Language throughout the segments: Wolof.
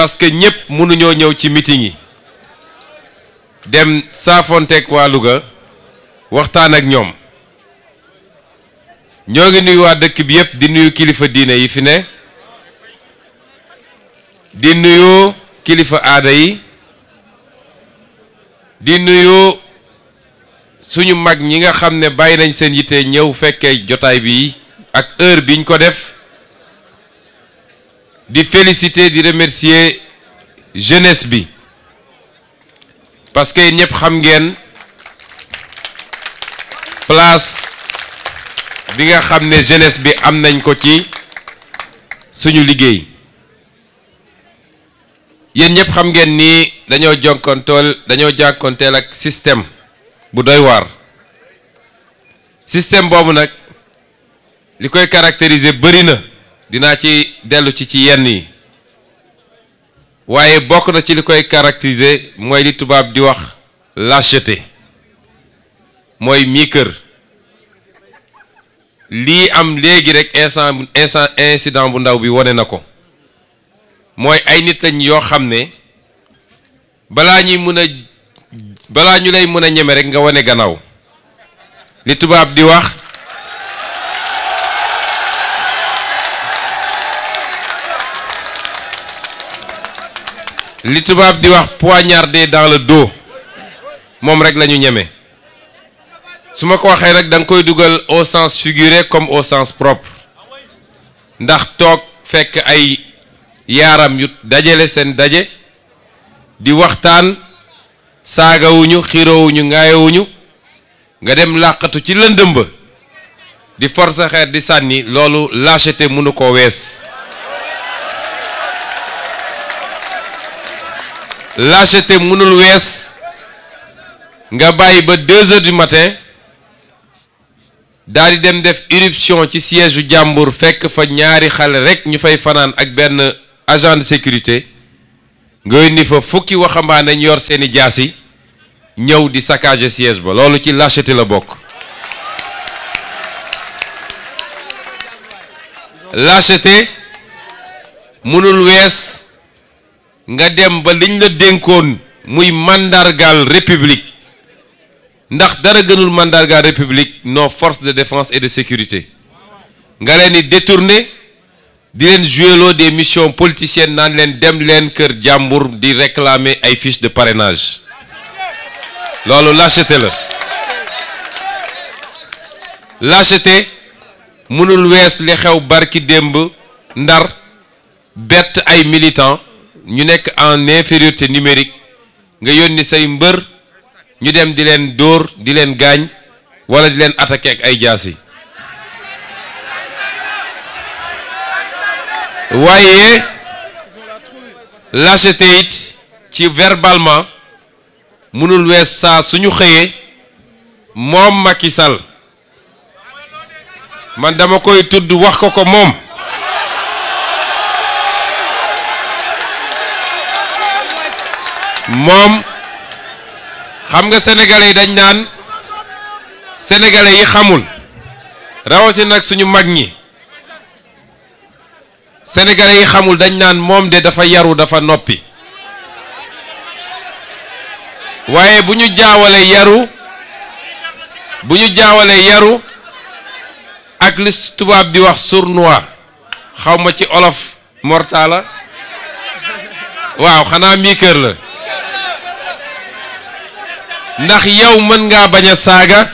parce que ñëpp mënuñoo ñëw ci meeting yi dem saafonteeg waa Louga waxtaan ak ñoom ñoo ngi nuyu waa dëkk bi yëpp di nuyu kilifa diine yi fi ne di nuyu kilifa aada yi di nuyu suñu mag ñi nga xam ne bàyyi nañ seen yitte ñëw fekkee jotaay bi ak heure biñ ko def di féliciter di remercier jeunesse bi parce que ñëpp xam place bi nga xamné jeunesse bi am nañ ko ci suñu liggéey yeen ñëpp xam ngeen ni dañoo jonkontol dañoo jànkonteel ak système bu doy war système bobu nak likoy caractériser bëri na dinaa ci dellu ci ci yenn yi waaye bokk na ci li koy caractériser mooy li tubaab di wax lâcheté mooy miikër lii am léegi rek instant instant incident bu ndaw bi wane na ko mooy ay nit lañ yoo xam ne balaa ñuy mën a balaa ñu lay mën a ñeme rek nga wane gannaaw li tubaab di wax li tubab di wax poignardé dans le dos mom rek lañu ñëmé suma ko waxé rek dang koy dugal au sens figuré comme au sens propre ndax tok fekk ay yaram yu dajale sen dajé di waxtaan wuñu ngaay wuñu nga dem laqatu ci lendeum ba di force xeer di sanni lolu lâcheté mënu ko wess lâcheté mënul wess nga bàyyi ba 2h du matin daal di dem def irruption ci siège jambour jàmbur fekk fa ñaari xal rek ñu fay fanaan ak ben agent de sécurité nga indi fa fukki waxambaane ñu yor seeni jasi ñew di saccager siège ba lolu ci lâcheté la bok lâcheté mënul wess nga dem ba liñ la muy république ndax dara gënul mandargal république nos forces de défense et de sécurité nga détourné di détourner des missions politiciennes naan leen dem kër di réclamer ay fiches de parrainage loolu lâcheté la lâcheté mënul li barki ndar bet militants ñu nekk en infériorité numérique nga yónni say mbër ñu dem di leen dóor di leen gaañ wala di leen attaqué ay jaasi waaye lâcheté it ci verbalement mënul wees saa suñu xëyee moom Macky Sall man dama koy tudd wax ko ko moom moom xam nga sénégalais yi dañ naan sénégalais yi xamul rawatina nag suñu mag ñi sénégalais yi xamul dañ naan moom de dafa yaru dafa noppi waaye bu ñu jaawalee yaru bu ñu jaawale yaru ak li tubaab di wax sournois xawma ci olof mortala waaw xanaa mii kër la ndax yow mën ngaa bañ a saaga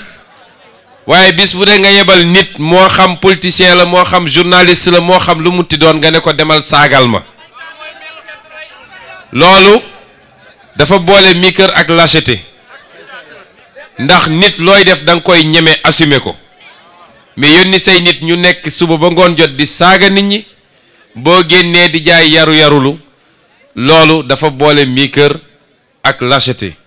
waaye bis bu dee nga yebal nit moo xam politicien la moo xam journaliste la moo xam lu mun ti doon nga ne ko demal saagal ma loolu dafa boole mii kër ak lâcheté ndax nit looy def da nga koy ñeme assumer ko mais yónni say nit ñu nekk suba ba ngoon jot di saaga nit ñi boo génnee di jaay yaru yarulu loolu dafa boole mii kër ak lâcheté